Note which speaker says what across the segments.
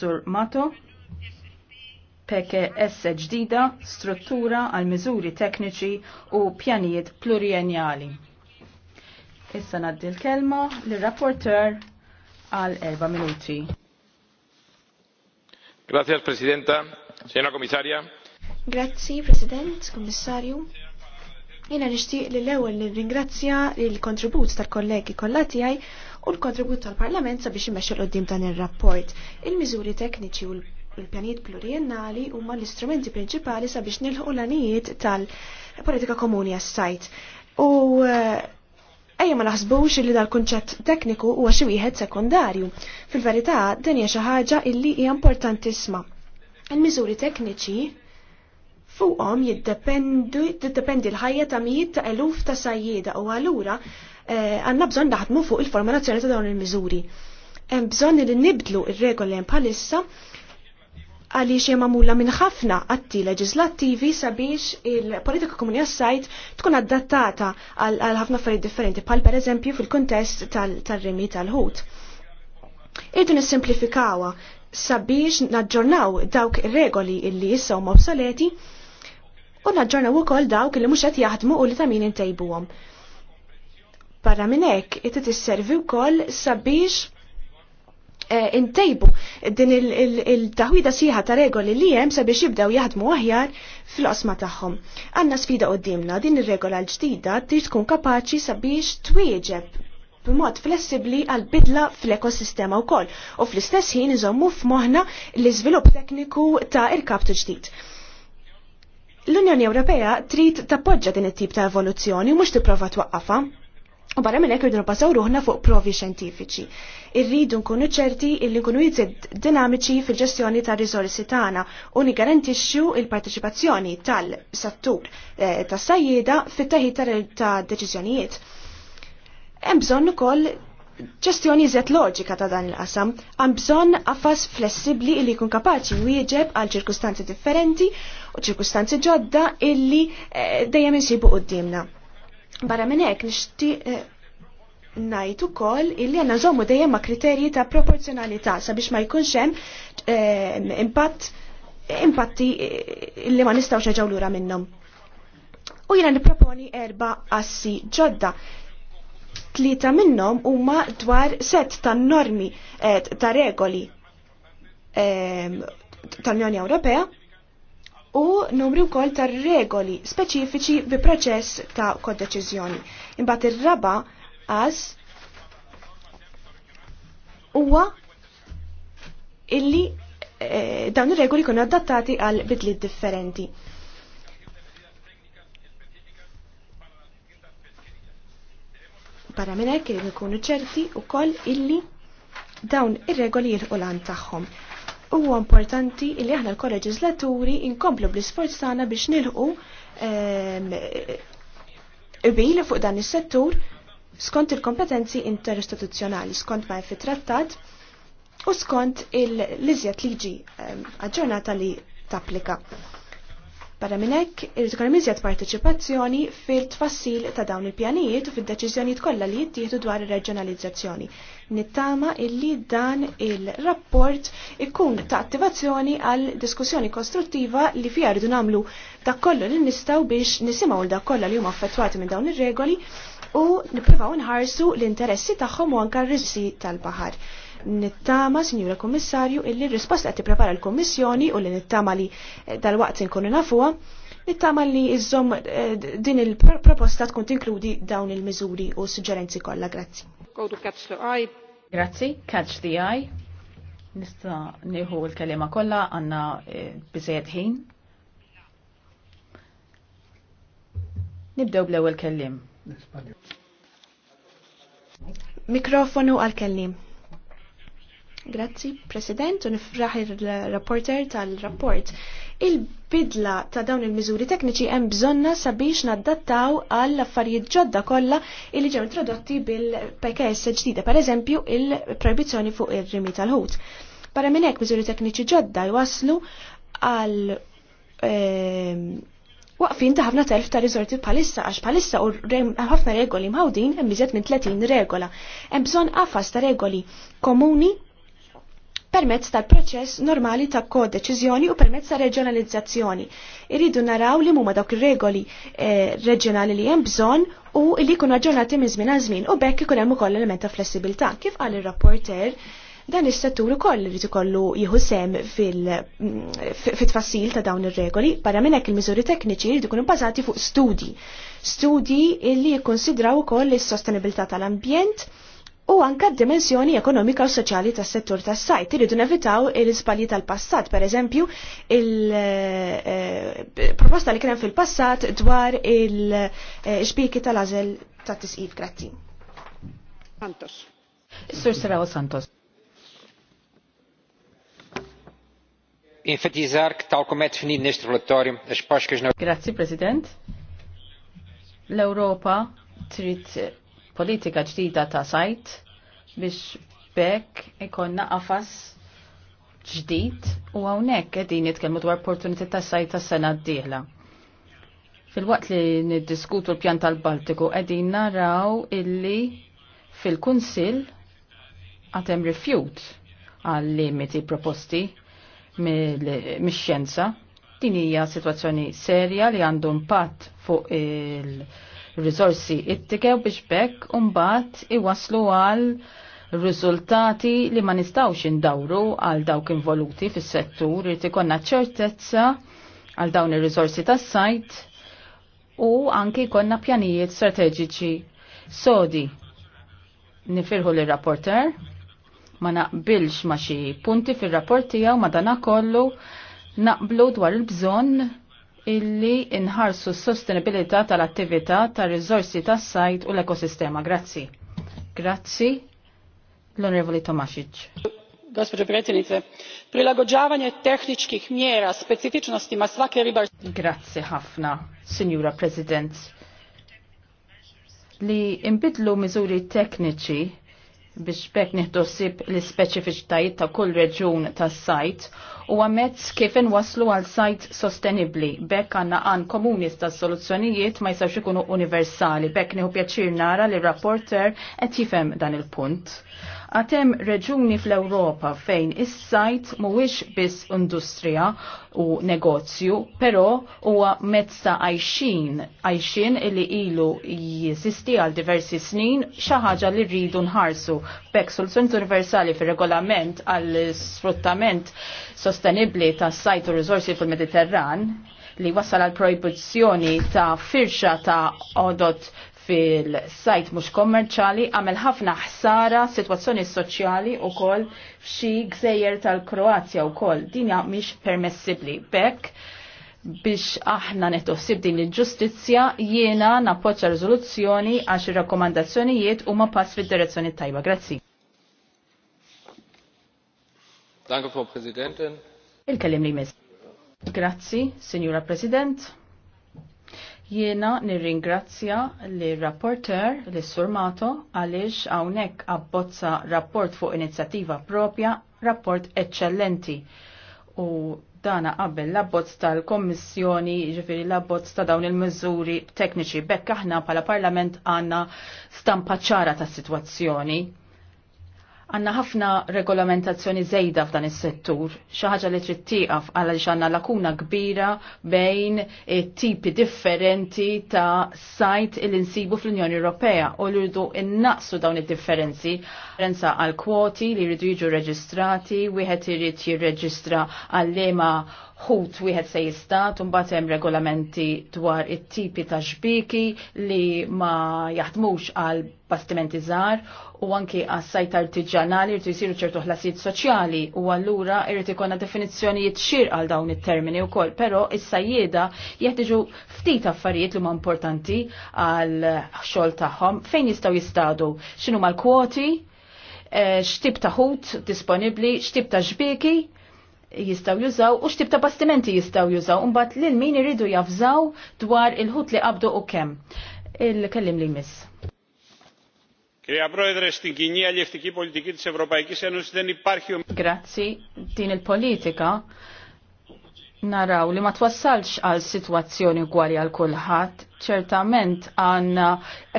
Speaker 1: Sur Mato, PKS ġdida, struttura għal miżuri tekniċi u pjanijiet plurienjali. Issa naddi l-kelma l-rapporter għal erba minuti. Grazie, Presidenta. Sena Komissarja.
Speaker 2: Grazie, President, Komissarju. Jena nishtiq li l-ewel li ringrazzja l kontribut tal-kollegi kollha tiegħi u l-kontribut tal-Parlament sabiex immexxu l-qoddim dan ir-rapport. Il-miżuri tekniċi u l-pjanijiet pluriennali huma l-istrumenti prinċipali sabiex nilħu l-anijiet tal-politika komuni għas-sajt. U eh, ejja ma naħsbux li dal-kunċett tekniku huwa xi wieħed sekundarju. Fil-verità din hija xi ħaġa illi hija importantissima. Il-miżuri tekniċi fuqhom jiddependi l-ħajja ta' mijiet ta' eluf ta' sajjieda u allura Eh, għanna bżon naħdmu fuq il-formulazzjoni ta' dawn il-miżuri. Hemm bżonn li nibdlu il regoli hemm bħalissa għaliex hemm magħmula minn ħafna atti leġislattivi sabiex il-politika komuni s sajt tkun adattata għal ħafna affarijiet differenti bħal pereżempju fil-kuntest tal-remi tal-ħut. Irdu nissimplifikawha sabiex naġġornaw dawk ir-regoli illi issa huma obsoleti u naġġornaw ukoll dawk li mhux qed jaħdmu u li ta' min intejbuhom. Barra minn hekk, it tisservi wkoll sabiex eh, intejbu din il-taħwida siħa ta' regoli li hemm sabiex jibdew jaħdmu aħjar fil-qosma tagħhom. Għandna sfida qudiemna din ir-regola l-ġdida trid tkun kapaċi sabiex twieġeb b'mod flessibbli għal bidla fl-ekosistema wkoll u fl-istess ħin iżommu f'moħħna l-iżvilupp tekniku ta' irkabtu ġdid. L-Unjoni Ewropea trid tappoġġa din it-tip ta' evoluzzjoni u mhux tipprova twaqqafha U barra minn hekk irdu nibbażaw ruħna fuq provi xjentifiċi. Irridu nkunu ċerti illi nkunu jizzed dinamiċi fil-ġestjoni ta' risorsi tagħna u nigarantixxu il-parteċipazzjoni tal-settur eh, ta' sajjieda fit-taħid ta' deċiżjonijiet. Hemm bżonn ukoll ġestjoni iżjed loġika ta' dan il-qasam, għam bżon għaffas flessibli illi kun kapaċi wieġeb għal ċirkustanzi differenti u ċirkustanzi ġodda illi eh, dejjem insibu quddiemna. Barra minn hekk nixtieq eh, ngħid ukoll illi għandna żommu dejjem ma' kriterji ta' proporzjonalità sabiex ma jkunx hemm eh, impatt impatti eh, li ma nistgħux neġgħu lura minnhom. U jiena nipproponi erba' assi ġodda tlieta minnhom huma dwar set ta' normi ta' regoli tal-Unjoni Ewropea u numri wkoll ta' regoli speċifiċi bi proċess ta' kodeċiżjoni. Imbagħad ir-raba għas huwa illi e, dawn ir-regoli jkunu adattati għal bidliet differenti. Para minn hekk irid ikunu ċerti wkoll illi dawn ir-regoli jilħu lan tagħhom. Huwa importanti li aħna l-kolleġislaturi inkomplu bl-isforz tagħna biex nilħu qbil ehm, fuq dan is-settur skont il-kompetenzi interistituzzjonali, skont ma fit-trattat u skont l-iżjed liġi ehm, aġġornata li tapplika. Barra minnek, irrid ikun miżjed partiċipazzjoni fil-tfassil ta' dawn il-pjanijiet u fid-deċiżjonijiet kollha li jittieħdu dwar ir-reġjonalizzazzjoni. Nittama illi dan il-rapport ikun ta' attivazzjoni għal diskussjoni kostruttiva li fija rridu nagħmlu dak kollu li nistaw biex nisimgħu da' kollha li huma affettwati minn dawn ir-regoli u nippruvaw nħarsu l-interessi tagħhom u anke r tal-baħar nittama, Sinjura Kommissarju, illi risposta qed tipprepara l-Kommissjoni u li nittama li eh, dal-waqt nkunu nafuha, nittama li iżom eh, din il-proposta tkun tinkludi dawn il-miżuri u suġġerenzi kollha. Grazzi.
Speaker 1: Go to catch the eye. Grazzi, catch the eye. Nista nieħu l-kelima kollha għandna eh, bizajet ħin.
Speaker 2: Nibdew bl-ewwel kellim. Mikrofonu għal kellim. Grazzi, President, u il-rapporter tal-rapport. Il-bidla ta' dawn il-miżuri tekniċi hemm bżonna sabiex naddattaw għall affarijiet ġodda kollha li ġew introdotti bil-PKS ġdida, per eżempju il-proibizzjoni fuq ir-rimi tal-ħut. Para minn hekk miżuri tekniċi ġodda jwaslu għal ehm, waqfin ta' ħafna telf ta' rizorti bħalissa għax bħalissa u ħafna regoli mħawdin hemm biżed minn 30 regola. Hemm bżonn qafas ta' regoli komuni permezz tal-proċess normali ta' kodeċiżjoni u permezz ta' reġjonalizzazzjoni. Irridu naraw li mumma dawk ir-regoli eh, reġjonali li hemm bżonn u li jkunu aġġornati minn żmien għal żmien u bekk ikun hemm ukoll element ta' flessibilità. Kif qal ir-rapporter, dan is-settur ukoll irid ikollu jieħu sem mm, fit-tfassil ta' dawn ir-regoli, barra minn hekk il-miżuri tekniċi jridu jkunu bbażati fuq studji. Studji li jikkonsidraw ukoll is-sostenibilità tal-ambjent, u anka d-dimensjoni ekonomika u soċjali tas settur tas sajt iridu nevitaw il-żbalji tal-passat, per eżempju, il-proposta eh, eh, li kien fil-passat dwar il-xbiki eh, tal azel ta' tisqif gratti. Santos.
Speaker 1: Sur Serawa Santos.
Speaker 2: Infetizar que tal como é definido neste relatório, as poscas na...
Speaker 1: Grazie, Presidente. L-Europa trid politika ġdida ta' sajt biex bekk ikonna qafas ġdid u hawnhekk qegħdin nitkellmu dwar opportunità ta' sajt tas sena d-dieħla. Fil-waqt li niddiskutu l-pjan tal-Baltiku qegħdin naraw illi fil-Kunsill għatem rifjut għal limiti proposti mix-xjenza. Din hija sitwazzjoni serja li għandu impatt fuq il- risorsi ittikew biex bekk umbat iwaslu għal riżultati li ma nistawx indawru għal dawk involuti fis-settur li tikonna ċertezza għal dawn ir-riżorsi tas-sajt u anki jkollna pjanijiet strateġiċi sodi. Nifirħu l-rapporter ma naqbilx ma xi punti fil-rapport tiegħu ma dana kollu naqblu dwar il-bżonn illi inħarsu s-sostenibilità tal-attività tar rizorsi tas-sajt u l-ekosistema. Grazzi. Grazzi l-Onorevoli Tomasic. Gospođo predsjednice, prilagođavanje tehničkih mjera specifičnostima svake ribar... Grazie Hafna, signora Prezident. Li imbidlu mizuri tehnici biex bekk nieħdu l-ispeċifiċitajiet ta' kull reġun tas-sajt u għamezz kif inwaslu għal sajt sostenibli. Bekk għandna għan komuni ta' soluzzjonijiet ma jistgħux ikunu universali. Bekk nieħu pjaċir nara li rapporter qed jifhem dan il-punt. Għatem reġuni fl-Europa fejn is-sajt mhuwiex biss industrija u negozju, però huwa mezz ta' għajxin, għajxin illi ilu jizisti għal diversi snin xi ħaġa li rridu nħarsu. Bek soluzzjoni universali fir-regolament għall sfruttament sostenibbli tas sajt u rizorsi fil-Mediterran li wassal għal proibizzjoni ta' firxa ta' odot fil-sajt mhux kommerċali għamel ħafna ħsara sitwazzjoni soċjali wkoll f'xi gżejjer tal-Kroazja wkoll. Din mhix permessibbli. Bekk biex aħna netofsib din il-ġustizzja jiena nappoċċa rizoluzzjoni għax ir-rakkomandazzjonijiet huma pass fid-direzzjoni tajba. Grazzi. Danke, Frau Präsidentin. Il-kellim li mis. Grazzi, Signora President. Jiena nirringrazzja li rapporter li surmato għaliex hawnhekk abbozza rapport fuq inizjattiva propja, rapport eccellenti. U dana qabel l-abbozz tal-Kommissjoni, ġifiri l-abbozz ta' dawn il-miżuri tekniċi, bekk aħna pala Parlament għanna stampa ċara ta' situazzjoni Għanna ħafna regolamentazzjoni zejda f'dan is-settur, xi ħaġa li trid tieqaf għaliex għandna lakuna kbira bejn tipi differenti ta' sajt il insibu fl-Unjoni Ewropea u li rridu innaqsu dawn id-differenzi. Differenza għal kwoti li rridu jiġu reġistrati, wieħed irid jirreġistra għal lema ħut wieħed se jista' mbagħad hemm regolamenti dwar it-tipi ta' xbiki li ma jaħdmux għal bastimenti żgħar u anki għas sajt artiġjanali rtu jsiru ċertu ħlasijiet soċjali u allura irid ikollna definizzjonijiet xir għal dawn it-termini wkoll, però is-sajjieda jeħtieġu ftit affarijiet li huma importanti għal xogħol tagħhom fejn jistgħu jistadu, x'inhuma l-kwoti, eh, x'tib ta' ħut disponibbli, x'tib ta' xbieki jistaw jużaw u x'tib ta' bastimenti jistaw jużaw mbagħad lil min iridu jafżaw dwar il-ħut li qabdu u kemm. Il-kellim li miss. Κυρία Πρόεδρε, στην κοινή αλληλευτική πολιτική της Ευρωπαϊκής Ένωσης δεν υπάρχει... Grazie. Din il-politika naraw li ma twassalx għal situazzjoni gwali għal kulħadd, ċertament għanna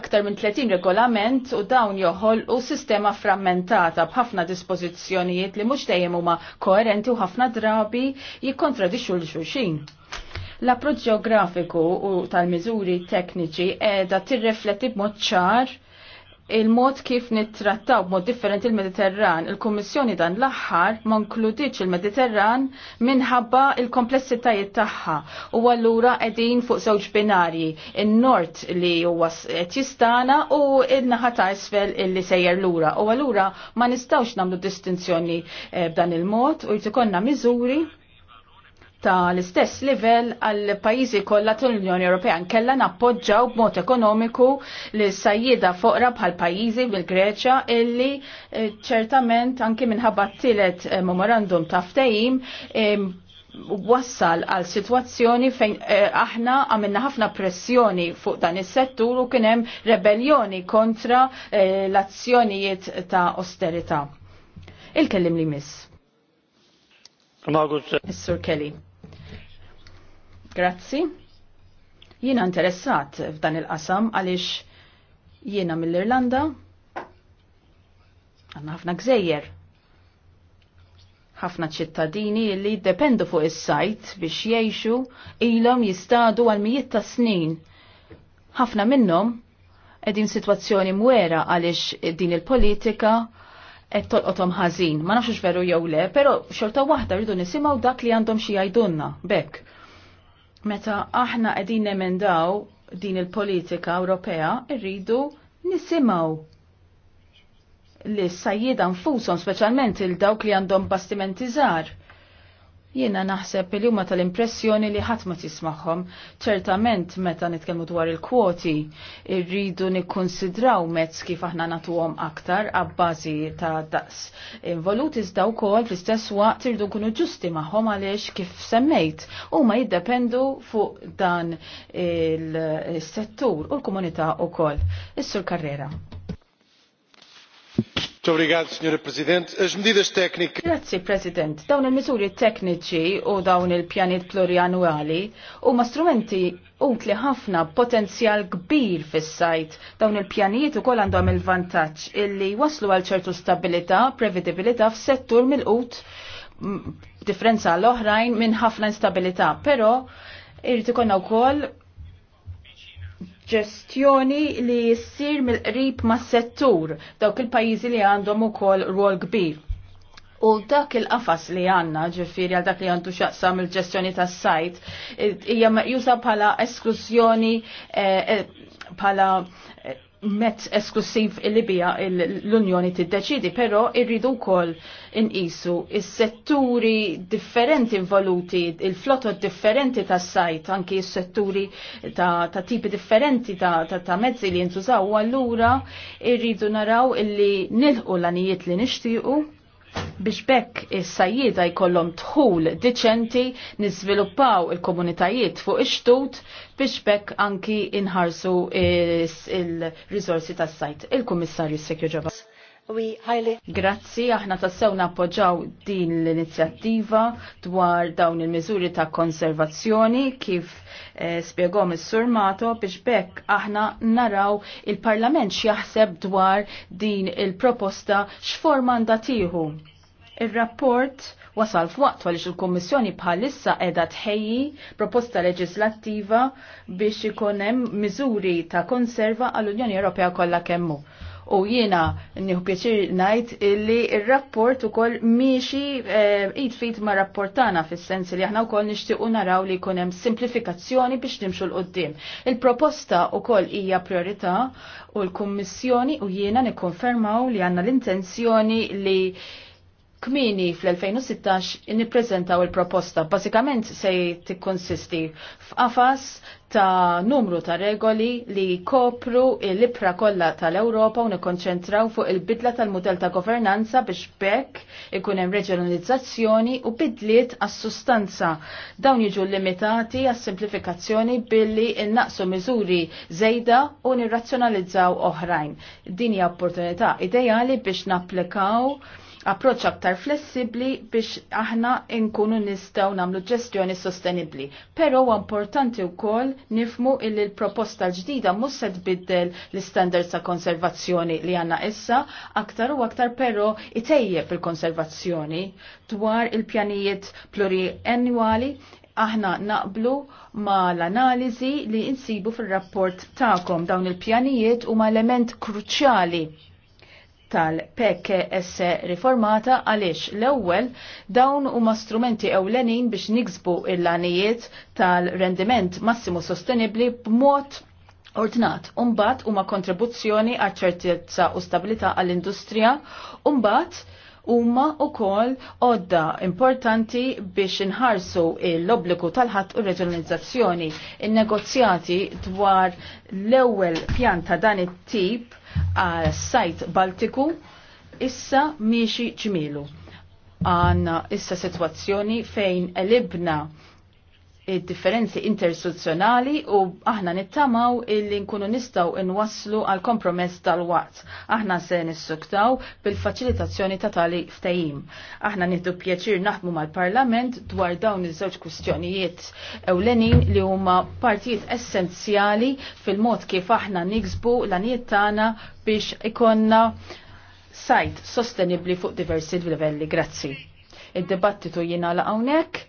Speaker 1: ektar minn 30 regolament u dawn joħol u sistema frammentata b'ħafna dispożizzjonijiet li mhux dejjem huma koerenti u ħafna drabi jikkontradixxu l xulxin. L-approċċ geografiku u tal-miżuri tekniċi qiegħda tirrifletti b'mod ċar il-mod kif nittrattaw b'mod differenti il-Mediterran. Il-Kummissjoni dan l-aħħar ma nkludiċ il-Mediterran minħabba il-komplessitajiet tagħha u allura qegħdin fuq żewġ binarji, il nord li huwa qed jistana u n-naħa ta' isfel illi sejjer lura. U allura ma nistgħux nagħmlu distinzjoni eh, b'dan il-mod u jtikonna miżuri ta' l-istess livell għal pajjiżi kollha tal-Unjoni Ewropea nkella nappoġġaw b'mod ekonomiku li sajjida foqra bħal pajjiżi bil-Greċja illi eh, ċertament anke minħabba t-tielet eh, memorandum ta' ftehim eh, wassal għal situazzjoni fejn aħna għamilna ħafna pressjoni fuq dan is-settur u kien hemm rebellioni kontra l-azzjonijiet ta' austerità. Il-kellim li miss. Is-Sur Kelly. Grazzi. Jiena interessat f'dan il-qasam għaliex jiena mill-Irlanda għanna ħafna gżejjer. ħafna ċittadini li dependu fuq is-sajt biex jgħixu ilhom jistadu għal mijiet ta' snin. Ħafna minnhom qegħdin sitwazzjoni mwera għaliex din il-politika qed tolqothom ħażin. Ma nafx veru jew le, però xorta waħda rridu nisimgħu dak li għandhom xi jgħidulna bekk Meta aħna qegħdin emendaw din il-politika Ewropea rridu nisimgħu li s-sajjida nfushom speċjalment il dawk li għandhom bastimenti żgħar Jiena naħseb li huma tal-impressjoni li ħadd ma tismagħhom. Ċertament meta nitkellmu dwar il-kwoti, irridu nikkonsidraw mezz kif aħna nagħtuhom aktar abbażi ta' daqs. Involut iżda wkoll fl-istess waqt irridu nkunu ġusti magħhom għaliex kif semmejt huma jiddependu fuq dan il-settur u l-komunità wkoll. Is-sur
Speaker 2: Grazzi
Speaker 1: President. Dawn il mizuri tekniċi u dawn il-pjanit u huma strumenti utli ħafna potenzjal kbir fis-sajt. Dawn il-pjanijiet ukoll għandhom il-vantaġġ illi waslu għal ċertu stabilità, prevedibilità f'settur mill-qut differenza l-oħrajn minn ħafna instabilità, però irrid u wkoll ġestjoni li jissir mill-qrib ma' settur dawk il-pajjiżi li għandhom ukoll rwol kbir. U dak il-qafas li għanna ġifiri għal dak li għandu xaqsam il-ġestjoni tas sajt eh, hija meqjusa bħala esklużjoni eh, eh, bħala eh, mezz esklusiv il-Libija l-Unjoni tiddeċidi, però irridu wkoll inqisu il setturi differenti involuti, il-flotot differenti tas sajt, anki il setturi ta', ta tipi differenti ta', ta, ta mezzi li jintużaw, allura irridu naraw illi nilħu l-anijiet li nixtiequ biex bekk is-sajjieda jkollhom tħul diċenti niżviluppaw il-komunitajiet fuq ix-xtut biex bekk anki inħarsu il-riżorsi tas-sajt. Il-Kummissarju Sekju Ġava. Grazzi, aħna tassew nappoġġaw din l-inizjattiva dwar dawn il-miżuri ta' konservazzjoni kif eh, spiegom is-surmato biex bekk aħna naraw il-Parlament x'jaħseb dwar din il-proposta x'forma ndatiħu. Ir-rapport wasal f'waqt għaliex il-Kommissjoni bħalissa qiegħda tħejji proposta leġislattiva biex ikun hemm miżuri ta' konserva għall-Unjoni Ewropea kollha kemmu u jiena nieħu pjaċir ngħid illi r-rapport ukoll miexi eh, id fit ma' rapportana fis-sens li aħna wkoll nixtiequ naraw li jkun hemm simplifikazzjoni biex nimxu l qoddim Il-proposta wkoll hija priorità u l-Kummissjoni u jiena nikkonfermaw li għandna l-intenzjoni li kmini fl-2016 nippreżentaw il-proposta. Basikament se tikkonsisti f'qafas ta' numru ta' regoli li kopru l-ibra kollha tal-Ewropa u nikkonċentraw fuq il-bidla tal-mudell ta' governanza biex bekk ikun hemm reġionalizzazzjoni u bidliet għas-sustanza. Dawn jiġu limitati għas-simplifikazzjoni billi innaqsu miżuri żejda u nirrazzjonalizzaw oħrajn. Din hija opportunità ideali biex napplikaw approċċ aktar flessibbli biex aħna nkunu nistgħu nagħmlu ġestjoni sostenibbli. Però huwa importanti wkoll nifmu il l-proposta l-ġdida mhux se tbiddel l-istandards ta' konservazzjoni li għandna issa, aktar u aktar però itejjeb il-konservazzjoni dwar il-pjanijiet pluriennwali aħna naqblu ma l-analizi li insibu fil-rapport ta'kom dawn il-pjanijiet u ma element kruċjali tal-PKS e riformata għaliex l-ewwel dawn huma strumenti ewlenin biex niksbu il-lanijiet tal-rendiment massimu sostenibli b'mod Ordnat, umbat huma kontribuzzjoni għal ċertezza u stabilità għall-industrija, umbat huma wkoll għodda importanti biex inħarsu l-obbligu tal-ħadd u reġjonalizzazzjoni. In-negozjati dwar l-ewwel pjan ta' dan it-tip għal sajt Baltiku issa miexi ġmielu. Għanna issa sitwazzjoni fejn elibna differenzi interstituzzjonali u aħna nittamaw illi nkunu nistaw inwaslu għal kompromess tal-waqt. Aħna se nissuktaw bil-facilitazzjoni ta' tali ftajim. Aħna niddu pjaċir naħdmu mal-Parlament dwar dawn iż-żewġ kwistjonijiet ewlenin li huma partijiet essenzjali fil-mod kif aħna niksbu l-anijiet tagħna biex ikonna sajt sostenibli fuq diversi livelli. Grazzi. Id-dibattitu jina la' hawnhekk